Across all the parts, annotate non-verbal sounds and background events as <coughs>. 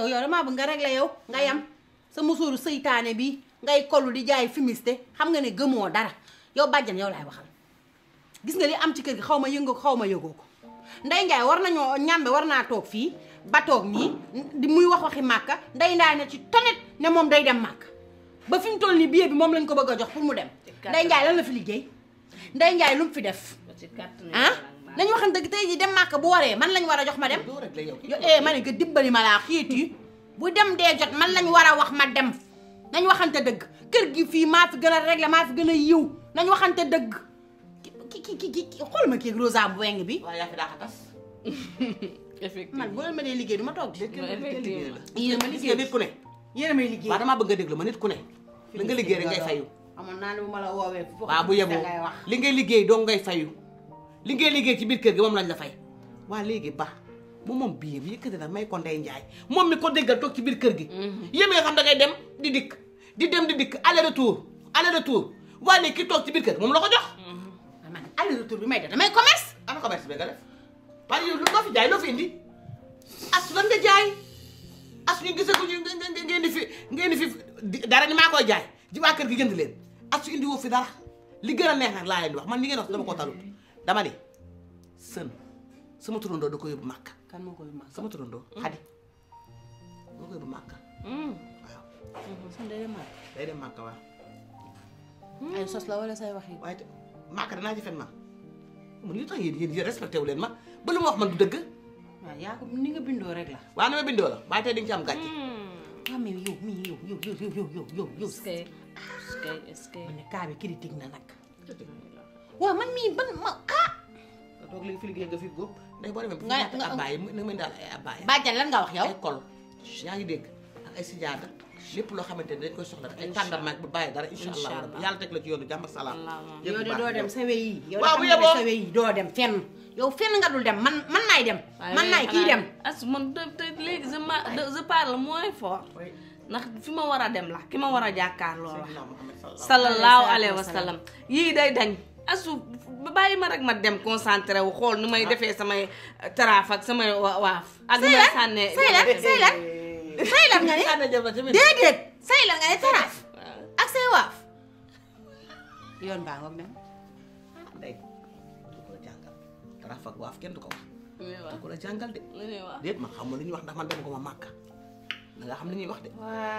yow yow damaa bëgg nga régler yow nga yam sa musóoru seytaane bi ngay kollu di jaay fumiste xam nga ne gëmoo dara yow bàjjan yow laay waxal gis nga li am ci kër gi xaw ma yëngoo ko xaw ma yëgoo ko nday njaay war nañoo ñàmbe war naa toog fii ba toog nii di muy wax waxi màkka ndey ndaay na ci tonet ne moom day dem màkk ba fi mu toll nii billet bi moom lañ ko bëgg a jox pour mu dem nday njaay lan la fi liggéey nday njaay lu mu fi def nañu waxam dëgg tey ji dem màkk bu waree man lañ war a jox ma dem eh ma ne nga dibbali ma laa xiiti bu dem dee jot man lañ war a wax ma dem nañ waxante dëgg kër gi fii maa fi gën a réglé maa fi gën a yiw nañ waxante dëgg ki ki ki ki xool ma kii Rosa bu weng bi waaw yaa fi daa xatas effectivement man bu leen ma ma toog yéen ma liggéey nit ku ne bëgg a déglu ma ne li nga liggéey rek ngay fayu amoon naa ne bu ma la woowee bu yeboo li ngay liggéey doo ngay fayu li ngay liggéey ci biir kër gi moom lañ la fay waa léegi ba bu moom biir yëkkati na may ko ndey njaay moom mi ko déggal toog ci biir kër gi mhm. yéen nga xam da ngay dem di dikk di dem dikk aller retour aller ki toog ci biir kër gi moom la ko jox mhm. man aller retour bi may def damay commerce ana commerce bi nga def waaye yow lu loo fi jaay loo fi indi as lan nga jaay as ñu gisee ko ñu ngeen di fi di fi dara ni maa koy jaay ji waa kër gi jënd leen as indi woo fi dara li gën a neex nag laa leen di wax man li ngeen wax dama ko dama ni sën sama turandoo da ko yóbbu màkk. kan moo ko yóbbu màkk sama turandoo. Hmm. xadi moo ko yóbbu màkk. Hmm. waaw. Hmm, sën day dem màkk. day dem màkk waaw. ay sos la wala say wax yi. waaye te màkk danaa ci fen ma man li tax yéen yéen respecté wu leen ma ba lu ma wax man du dëgg. waaw yaa ko ni nga bindoo rek la. waaw ni ma bindoo la waaye tey di nga ci am gàcce. waaw ah, mais yow mii yow yow yow yow yow yow yow. est-ce que est-ce que est-ce que. man ne cas bi critique na nag. waaw man mii man ma. toog léegi fi liggéey nga fi góob ndax dégg ak ay loo xamante ne dañ koy soxla ay tàndamaak bu bàyyi dara incha allah yàlla teg la ci yoonu jàmm ak salaam yow de doo dem sa wéy yi doo dem fenn yow fenn nga dul dem man man naay dem man naay kii dem as man te léegi je ma je parle moins fort ndax fi ma war a dem la ki ma war a jàkkaar loolu sallallahu alayhi wa sallam yii day dañ ba bàyyi ma rek ma dem concentré wu xool nu may defee samay taraaf ak samay waaf. ak nu may sànnee saylan nga ne déedéet saylan nga ne taraaf ak waaf yoon baa ngoog dem. day du ko la waaf kenn du ko de. ma xamul lu ñuy wax ndax man dem ko ma màkka. da nga xam li ñuy wax de.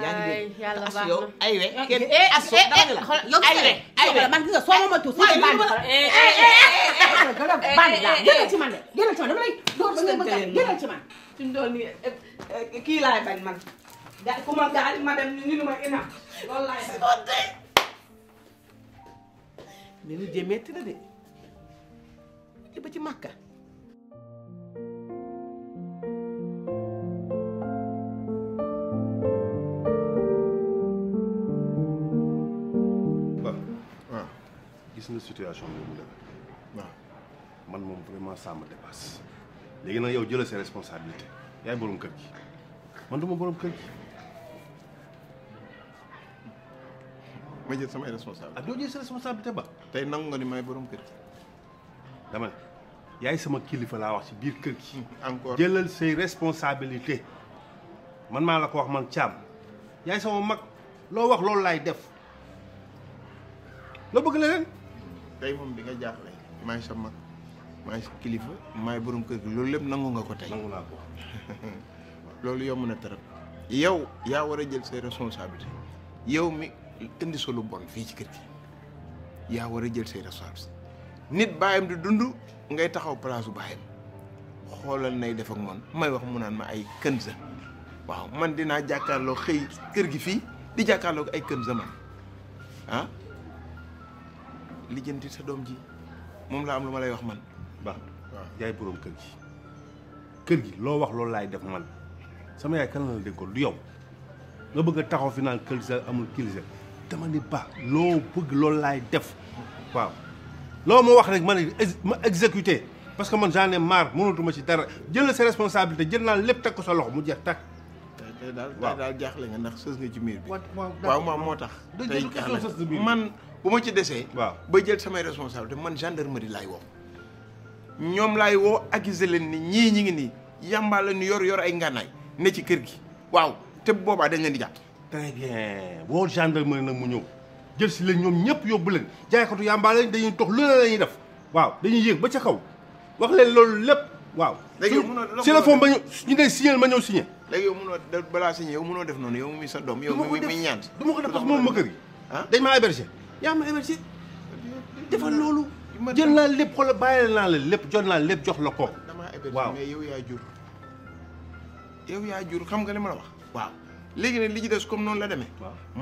yaa ngi dégg yàlla baax na eh, eh, eh, yow ay we. kenn as yow danga la ay we ay we man gis nga soo ma matul. waaw yow ma eh eh eh. bandi laa gënal ci man de gënal ci man dama lay door ba nga bëgg a gënal ci man. fi mu toll nii kii laay bañ man. da ku ma gaal ma dem ñu ni ma ina loolu laay bañ. mais lu jëm metti na de li ba ci màkka. situation bi mu demee man moom vraiment ça me léegi nag yow jëlal ses responsabilités yaay borom kër gi man du ma borom kër gi. ma jël sama responsabilité ak ah, doo jël sa responsabilité ba. tey nangu nga ni may borom kër gi. dama ne yaay sama kilifa laa wax ci biir kër gi. Hmm, encore jëlal say responsabilité man maa la ko wax man Thiam yaay sama mag loo wax loolu laay def loo bëgg leneen. tey moom di nga jaaxle maay sa mag maay kilifa maay borom kër gi loolu lépp nangu nga ko tey. nangu naa ko <laughs> loolu yomb na trop. yow yaa war a jël say responsabilité yow mi indi solu bon fii ci kër gi yaa war a jël say responsabilité nit bàyyam di dund ngay taxaw place bu bàyyam xoolal nay def ak may wax mu naan ma ay kën sa waaw man dinaa jàkkaarloo xëy kër gi fii di jàkkaarloo ay kën sa man ah? lijjanti sa doom ji moom laa am lu ma lay wax man. baax waaw yaay boroom kër gi kër gi loo wax loolu laay def man sama yaay kan la la dénkoon du yow nga bëgg a taxaw fi naan kër amul kilisa dama ni baax loo bëgg loolu laay def waaw. loo ma wax rek ma ne ma exécuté parce que man j'en ai marre mënatuma ci dara jël sa responsabilité jën naa lépp teg ko sa loxo mu jeex takk tey daal tey daal jaaxle nga ndax sës nga ci miir bi. waaw waaw moo tax. tey man bu ma ci desee. waaw ba jël samay responsabilité man gendarmerie laay woo. ñoom laay woo accuser leen ni ñii ñi ngi ni yàmbaa la ñu yor yor ay ngànnaay ne ci kër gi waaw te boobaa dañ leen di jàpp. très bien woo gendarmerie nag mu ñëw jël si leen ñoom ñëpp yóbbu leen jaaykatu yàmbaa lañ dañuy tox lu ne la ñuy def waaw dañuy yéeg ba ci kaw wax leen loolu lépp waaw. léegi mënoo téléphone ba ñu ñu ngay signé ma ñëw signé. léegi yow mënoo da balaa sañ yow mënoo def noonu yow mi sa doom yow mi mi ñaan du ma ko def parce que moom ma kër gi ah dañ maa hébergé yaa ma hébergé defal loolu jël naa lépp xoolal bàyyi naa la lépp jot naa lépp jox la ko damaa hébergé mais yow yaa jur yow yaa jur xam nga li ma la wax waaw léegi nag li ci des comme noonu la demee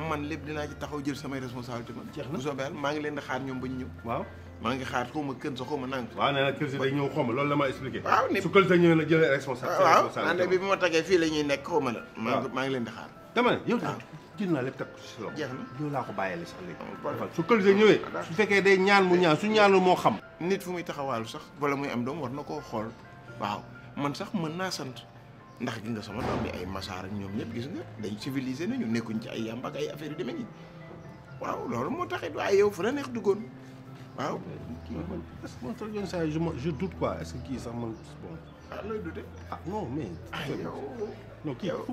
man lépp dinaa ci taxaw jël samay responsabilité man bu soobee maa ngi leen di xaar ñoom ba ñu ñëw maa ngi xaar xaw ma kën sa xaw ma nang waaw nee na kër si day ñëw xaw loolu la ma expliqué waaw ne su këlta ñuy nekk xaw ma la maa leen di xaar dama ne yow daal jël naa lépp teg ko si na yow laa ko bàyyee sax léegi su këlta ñëwee su fekkee day ñaan mu ñaan su ñaanul moo xam nit fu muy taxawaalu sax wala muy am doom war na koo xool waaw man sax mën naa sant ndax gis nga sama doom bi ay masaar ak ñoom ñëpp gis nga dañ civilisé nañu nekkuñ ci ay yàmb ak ay affaire yu demee nii waaw loolu moo taxit waaye yow fu la neex duggoon waaw ah, kii man est-ce kii sax man bon. ah looy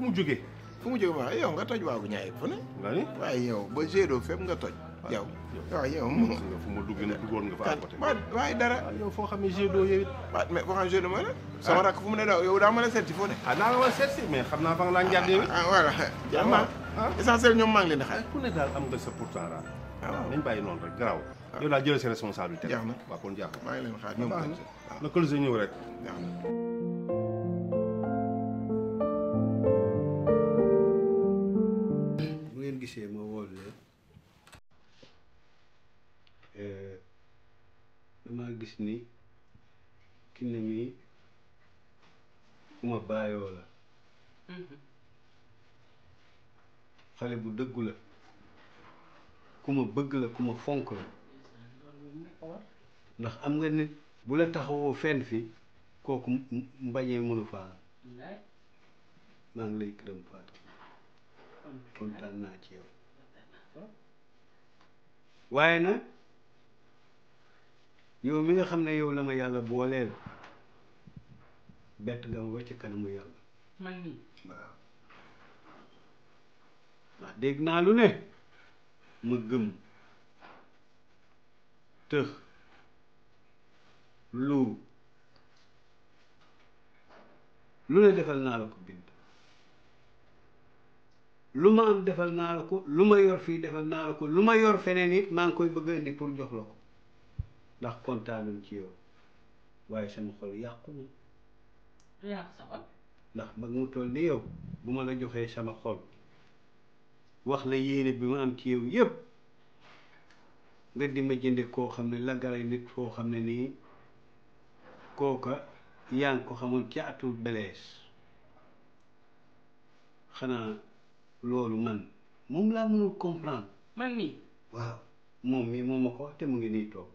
mu jógee. fu mu jógee waaye yow nga toj waagu ñaay fu ne. nga ni waaye yow ba Gédo fépp nga toj. Ah, yow waaw yow moom nga ma dugg na duggoon nga ah, xam ne Gédo yow it waaw mais foo xam ne rakk fu mu ne daw yow daa mën a seet si foo naa la mën a si mais xam naa fa nga laa njaat yow it ñoom maa ngi leen di xaar daal am nga sa pourtant waaw nañ bàyyi noonu rek garaaw. yow daal jëlee sa responsabilité. jaax na waaw kon jaax na maa ngi leen xaar na na Colisée ñëw rek jaax gisee ma wool leen eh, damaa gis ni kinne mi uma baayoo la mm-hmm. xale bu dëggu la ku ma bëgg la ku ma fonk la ndax am nga nit bu la taxawoo fen fii kooku mbañee mënu faa maa ngi lay gërëm Fatou kontaan naa ci yow waaye na yow mi nga xam ne yow la ma yàlla booleel bett nga ma ba ci kanamu yàlla dégg naa lu ne ma gëm tëx luub lu ne defal naa la ko bind lu ma am defal naa la ko lu ma yor fii defal naa la ko lu ma yor feneen it maa ngi koy bëgg indi pour jox la ko ndax kontaanam ci yoo waaye sama xol yàqu ndax mag mu toll ni yow bu ma la joxee sama xol. wax la yéene bi mu am ci yow yëpp nga di ma jënde koo xam ne la garay nit foo xam ne nii kooka yaa ngi ko xamul ci atul belees xanaa loolu man moom laa mënul comprendre man mii waaw moom mii moom ma ko wax mu ngi nii toog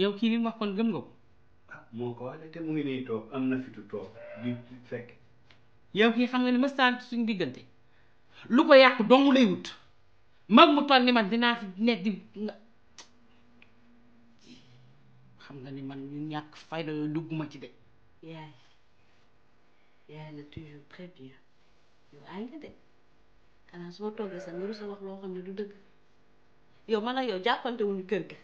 yow kii li mu wax kon gëm nga ko ah ko wax te mu ngi nii toog ah, am na fitu toog di fekk yow kii xam nga ne mëstaan suñ diggante lu ko yàqu dong lay wut mag mu toll ni man dinaa fi ne di xam nga ni man ñu ñàkk fayda yooyu dugguma ci de yaay yaay la toujours très bien yow ay nga de xanaa su ma toogee sax nga rus a wax loo xam ne du dëgg yow man ak yow jàppante kër gi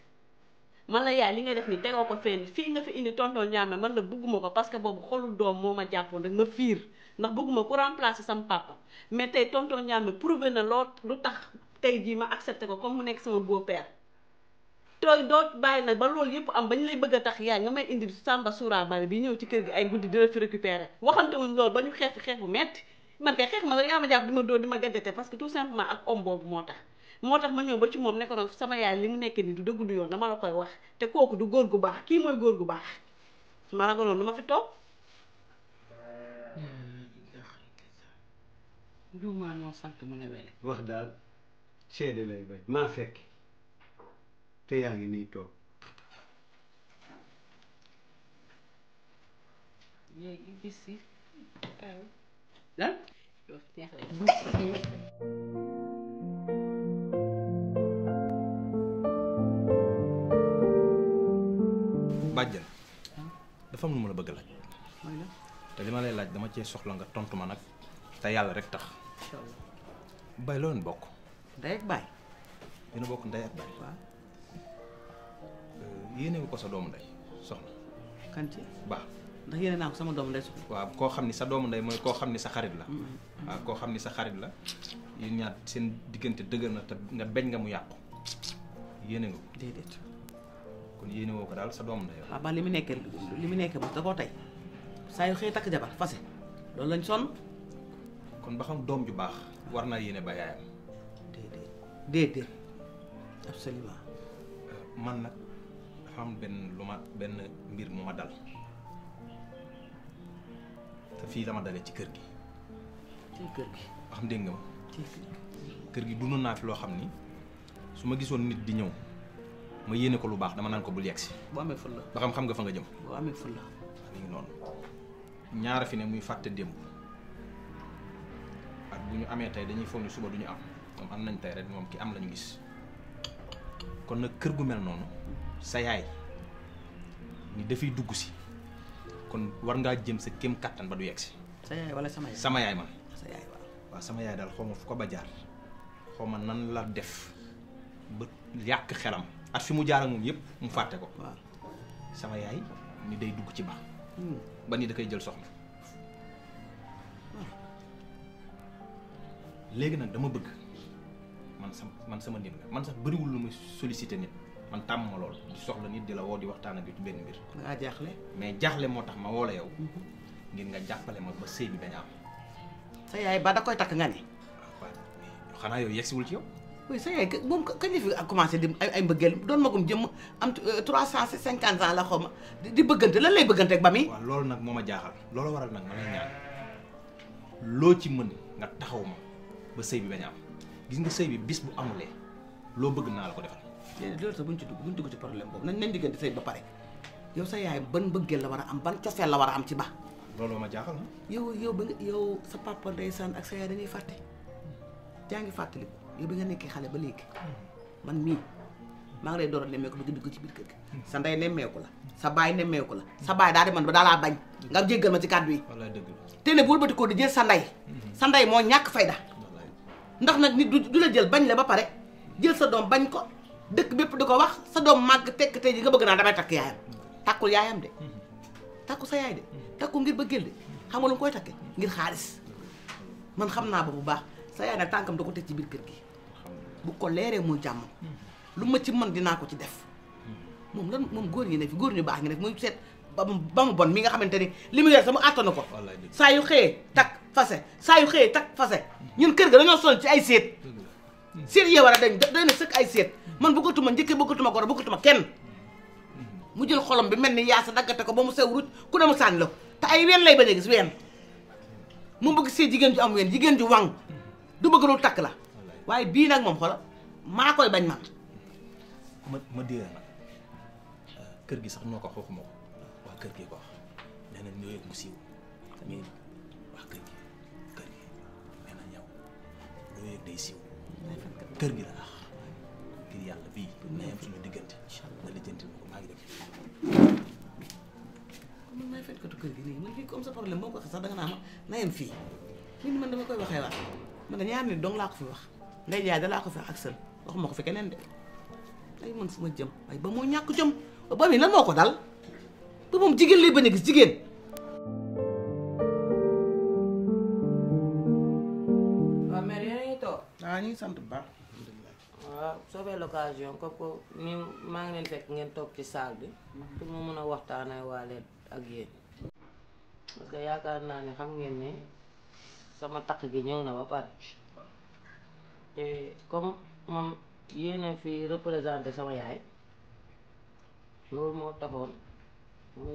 man la yaay li nga def ni tegoo ko fenn fii nga fi indi tonton ñaame man la bugguma ko parce que boobu xolul doom moo ma jàppoon rek ma fiir ndax bugguma ku remplacer sama papa mais tey tonton ñaame prouvé na lool lu tax tey jii ma accepté ko comme mu nekk sama beau-père tooy doo bàyyi na ba loolu yëpp am ba ñu lay bëgg a tax yaay nga may indi sàmba suura bari bi ñëw ci kër gi ay guddi di la fi récupérer waxante wuñ loolu ba ñu xeex xeex bu metti man kay xeex ma la yaa parce que tout simplement ak homme tax moo tax ma ñëw ba ci moom ne ko sama yaay li mu nekk ni du dëgg yoon dama la koy wax te kooku du góor gu baax kii mooy góor gu baax ma ragaloon du ma fi toog juumaa noo mu ne wele wax daal seede lay bay si bàjjan dafa am lu ma la bëgg laaj. te li ma lay laaj dama cee soxla nga tontu ma nag te yàlla rek tax. bay loo bokk. ndey ak baay. dina bokk ndey ak baay. waaw. Euh, yéenewu ko sa doomu ndey soxna. kan ci baax. ndax yéene naa ko sama doomu ndey soxna. waaw koo xam ni sa doomu ndey mooy koo xam ni sa xarit la. Mm-hmm. waaw koo xam ni sa xarit la yéen ñaar seen diggante dëgër na te nga beñ nga mu yàqu yéene nga ko. kon yéene woo ko daal sa doom la yow. waaw ba li mu nekkee li mu nekkee ba da koo tey saa yu xëy takk jabar fase loolu lañ sonn. kon ba xam doom ju baax war naa yéene ba yaayam. déedéet déedéet absolument. Euh, man nag dafa am benn lu ma benn mbir mu ma dal te fii dama dalee ci kër gi. ci kër gi. ba xam dégg nga ma. kër gi dund naa fi loo xam ni su ma gisoon nit di ñëw. ma yéene ko lu baax dama naan ko bul yegsi. boo amee ful la ba xam xam nga fa nga jëm. amee ful la. mi fi ne muy fàtte démb bu ñu amee tey dañuy foog ni suba du am moom am nañ tey rek moom ki am la ñu gis kon nag kër gu mel noonu sa yaay ni dafay dugg si kon war ngaa jëm sa kéem kattan ba du yegsi. sa wala sama yaay sama yaay man. sa sama yaay daal xaw ma fu ko ba jaar xaw ma nan la def ba yàq xelam. at fi mu jaar moom yépp mu fàtte ko. sama yaay ni day dugg ci baax. Hmm. ba ni da koy jël soxna. léegi nag dama bëgg man sama man sama nit man sax bariwul lu muy sollicité nit man tàmm ma lool di soxla nit di la woo di waxtaan ak yow ci benn mbir. nga jaaxle. mais jaaxle moo tax ma woo la yow. Mhm. ngir nga jàppale ma ba sëy bi bañ sa yaay ba da koy takk nga ne. Ah, xanaa yow yegsiwul ci yow. oui sa yaay moom kañ la fi commencé di ay mbëggeel doon magum jëmm am euh, trois cent cinquante ans la xaw ma di bëggante lan lay bëggante ba mi. waaw loolu nag moo ma jaaxal loolu waral nag ci mën nga taxaw ba sëy bi bañ am nga sëy bi bis bu amulee loo bëgg naa la ko defal. loolu sax buñ ci dugg dugg ci problème boobu nañ nañ diggante sëy ba pare yow sa yaay ban mbëggeel la war a am ban cofeel la war a am ci ba. loolu ma jaaxal. yow yow ba nga yow sa papa ndeysaan ak sa yaay dañuy fàtte yaa ngi fàttaliku. yow bi nga nekkee xale ba léegi man mii maa ngi lay door a nemmeeku bëgg dugg ci biir kër gi sa ndey nemmeeku la sa baay nemmeeku la sa baay daa di man ba daa laa bañ nga jéggal ma ci kàddu yi te ne bu wëlbatikoo di jël sa ndey mm-hmm. sa ndey moo ñàkk fayda ndax nag nit du la jël bañ la ba pare jël sa doom bañ ko dëkk bépp di ko wax sa doom màgg tekk tey ji nga bëgg naa damay takk yaayam takkul yaayam de mm-hmm. takku sa yaay de takku ngir lu koy takke ngir xaalis man xam naa ba bu baax sa yaay tànkam da ko ci biir kër gi bu ko leeree muy jàmm hmm. lu ma ci mën dinaa ko ci def hmm. moom lan moom góor ñi ne fi góor ñu baax ngi ne fi muy seet ba mu ba mu bon mi nga xamante ni li mu yor sama àttanu ko saa yu xëyee takk fase saa yu xëyee takk fase hmm. ñun kër ga dañoo sonn ci ay seet war a dañ doy na sëkk ay seet man bëggatuma njëkkee bëggatuma goro bëggatuma kenn mu jël xolom bi mel ni yaa sa daggate ko ba mu sew ku ne mu sànni la te ay ween lay bañ a gis ween mu bëgg see jigéen ju am wen jigéen ju wàng du ba loolu takk la waaye bii nag moom xoolal maa koy bañ man ma ma déera euh, kër gi sax noo ko xooxuma ko waa kër gi ko wax nee ñoo yëg mu siiw mais waa kër gi kër gi kër yàlla bii na yem suñu diggante na lijjanti ma ko maa ngi dem man kër gi nii man sa problème boo ko waxee danga naa ma na yem fii lii man dama koy waxee waat man dañaa ne dong laa ko fi wax Ndeye Ndiaye dalaa ko sax ak sën waxuma ko fi keneen de ay man fu jëm ay ba moo ñàkk jëm ba mi lan moo ko dal ba moom jigéen lay bañ a gis jigéen. waaw mère yéen ngi toog. waaw ah, ñu ngi sant bu baax. waaw soo bee l'occasion comme ko ni maa ngi leen fekk ngeen toog ci salle bi. pour mun a waxtaanee waale ak yéen. parce yaakaar naa ne xam ngeen ne sama takk gi ñëw na ba pare. te comme moom yéene fi représenté sama yaay loolu moo taxoon mu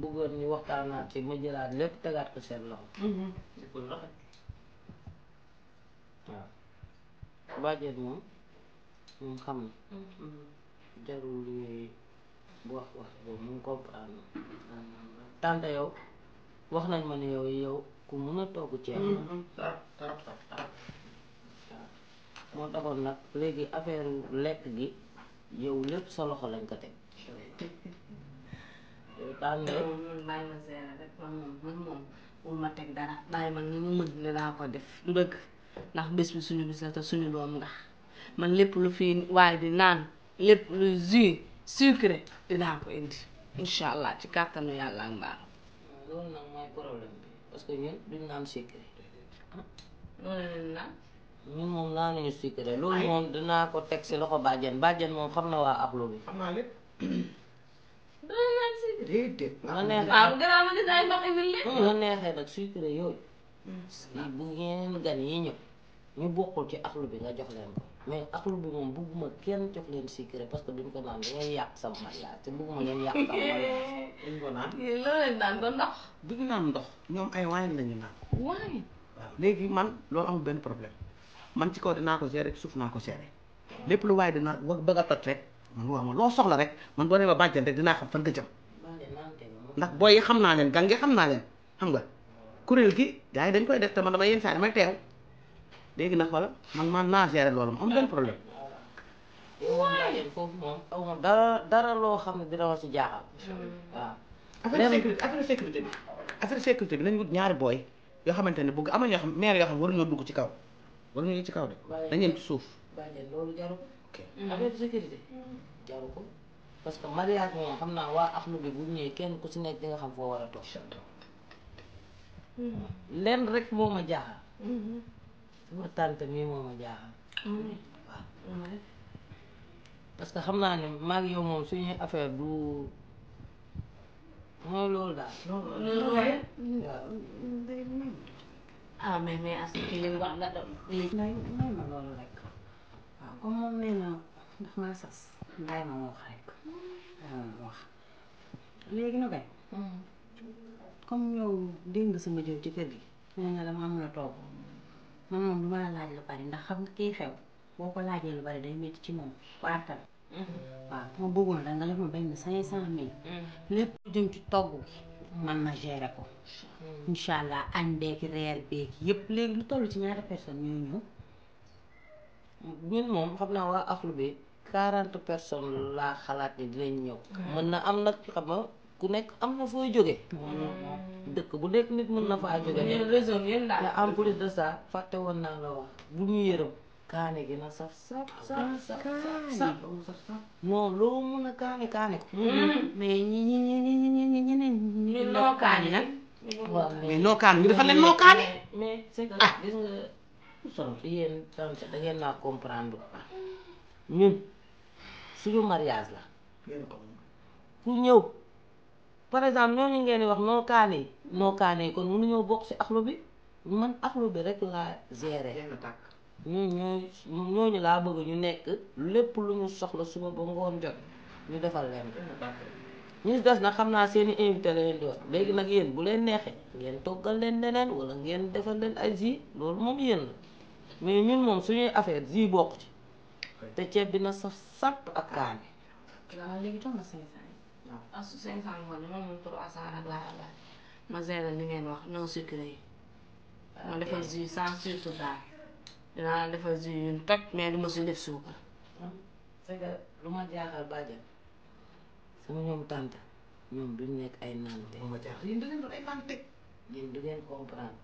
bëggoon ni waxtaanaat ci ma jëlaat lépp tegaat ko seen loxo di ko rafet waaw bàjjen moom moom xam na mm-hmm. jarul ñuy wax wax mu comprendre tante yow wax nañ ma ne yow yow ku mun a togg ceeb mm-hmm. moo taxoon nag léegi affaire lekk gi yow lépp sa loxo lañ ko teg. <laughs> tànn loolu bàyyi man moom moom ma teg dara bàyyi ma nu mën ne daa ko def du dëgg ndax bés bi suñu bis la te suñu doom nga man lépp lu fi waaye di naan lépp lu jus sucré dinaa ko indi incha allah ci kàttanu yàlla ak mbaaram. loolu nag mooy problème bi parce que ñun duñ naan sucré. loolu la ñu naan. ñun moom laa nañu sucré loolu moom dinaa ko teg si loxo bàjjen bàjjen moom xam na waa axlu bi. xam naa lépp. <coughs> nga neexee nag sucré yooyu. Hmm. bu ngeen gan yi ñëw ñu bokkul ci axlu bi nga jox leen ko. mais axlu bi moom bugguma kenn jox leen sucré parce que duñ ko naan dangay yàq sama mariage te bugguma ngeen yàq sama mariage. <laughs> duñ ko naan loo leen ndox. duñ naan ndox ñoom ay wine lañu naan. wine waaw léegi man loolu amul benn problème man ci kaw dinaa ko gérer suuf naa ko gérer lépp lu waaye dina bëgg a toj rek man wax ma loo soxla rek man boo nee ma bàjjen rek dinaa xam fan nga jëm ndax booy yi xam naa leen gang yi xam naa leen xam nga kuréel gi gars yi dañ koy def te man dama yenn saa damay teew léegi nag wala man man naa gérer loolu am benn problème waaye foofu moom dara loo xam ne dina ma si jaaxal. waaw affaire sécurité affaire sécurité bi affaire sécurité bi ñaari booy yoo xamante ne bëgg am na ñoo xam maire yoo xam ñoo dugg ci kaw war ñu ci kaw de dañu yem suuf loolu jaru ko mm-hmm. affaire sécurité mm-hmm. que mariage moom xam naa waa axlu bi bu ñëwee kenn ku si nekk di xam foo war a toog mm-hmm. lenn rek moo ma jaaxal sama tante mii moo ma jaaxal waaw que xam naa ne maag yow moom suñuy affaire du mooy loolu daal ah mais mais as ki li mu wax da doon li may ma loolu rek waaw comme moom nee na daf sas bàyyi ma wax rek bàyyi léegi nu kay comme yow dégg sama jëw ci kër gi nee dama am la toog man moom du ma la laaj lu bari ndax xam nga kii xew boo ko laajee lu bari day métti ci moom ku àttal waaw ma bëggoon rek nga def ma benn cinq cent mille lépp jëm ci togg man na gérer ko. incha allah añ beeg reer beeg yëpp léegi lu toll ci ñaari personnes ñoo ñëw. ñun moom xam naa waa aflu bi quarante personnes laa xalaat ne dinañ ñëw. mën na am nag xam nga ku nekk am na foo jóge dëkk bu nekk nit mën na faa jóge. réseau bi yéen en plus de ça fàtte woon naa la wax bu ñu yërëm. kaane gi na saf saf saf saf saf moom loo mun a mariage la ku ñëw par exemple ñooñu ngeen wax noo kaane yi noo kaane yi kon mënuñoo bokk si axlu bi man axlu bi rek laa gérer ñun ñooy ñooñu laa bëgg ñu nekk lépp lu ñu soxla suba ba ngoon jot ñu defal leen ñu des na xam naa seeni i invité la leen léegi nag yéen bu leen neexee ngeen toggal leen leneen wala ngeen defal leen ay jus loolu moom yéen la mais ñun moom suñuy affaire jus bokk ci te ceeb bi na saf sàpp ak kaani. waaw léegi jox ma 500 yi. Ah, ngeen wax non sucré yi. ma defal jus sans sucre daal. dinaa la defal jus yu toj mais du ma si def suukar. Hmm? c'est que ma jaaxal bàjjen sama ñoom tante ñoom duñ nekk ay nante. moo ma jaaxal yéen comprendre.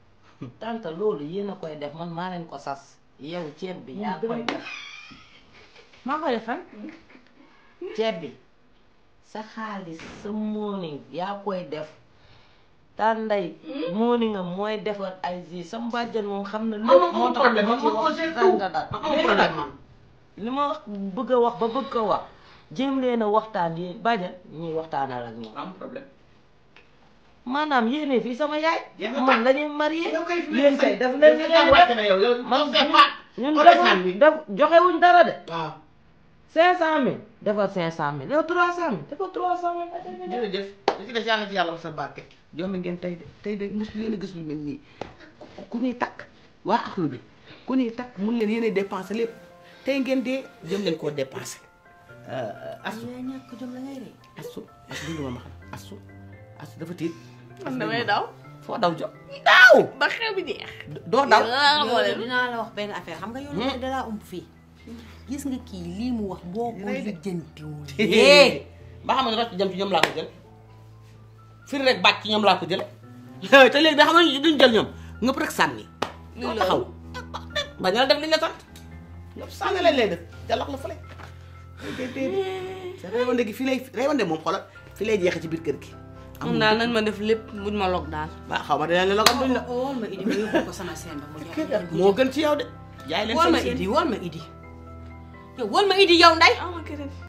<laughs> tante loolu yéen a koy def man maa ko sas. yow ceeb <laughs> maa koy defal. ceeb bi sa xaalis sa morning yaa koy def. daal nday hmm? moo ni nga mooy defar ay jus sama bàjjan moom xam na lépp moo tax li ma ci wax sànga daal li ma bëgg a wax ba bëgg ko wax jéem leen a waxtaan yi bàjjan ñuy waxtaanal ak ñoom am problème maanaam yéene fii sama yaay man la ñuy marié yéen kay daf leen leen man ñun defar def joxewuñ dara de waaw cinq cent mille defar cinq cent mille yow trois cent mille defar trois cent mille jërëjëf li ci sa barke joomi ngeen tey tey de mos gis lu mel nii ku ñuy takk waa bi ku ñuy takk mun leen yéen a lépp tey ngeen dee jëm koo dépensé euh, asu ñàkk jom la ngay rey asu as dunduma dafa tiit man damay daw foo daw jo daaw ba xew bi jeex doo daw dinaa la wax benn affaire xam nga yow hmm? dalaa umb fii gis nga kii lii mu wax boo ko lijjantiwul <laughs> ba xam ne rocc jëm ci ñoom laa ko jël firi rek bàcc ñoom laa ko jële <laughs> te léegi da xam ne duñ jël ñoom rek sànni. lii la xaw bañ la def liñ la sant ngëpp sànni lañ lay def jàllax la fële. sa <laughs> reewande gi fii lay reewande moom xoolal fii lay jeexee ci biir kër gi. am naa nañ ma def lépp buñ ma log daal. waaw xaw ma de la log am duñ la. ko sama seen moo gën ci yow de. jaay leen sama seen ma Idi wóor ma Idi. yow wóor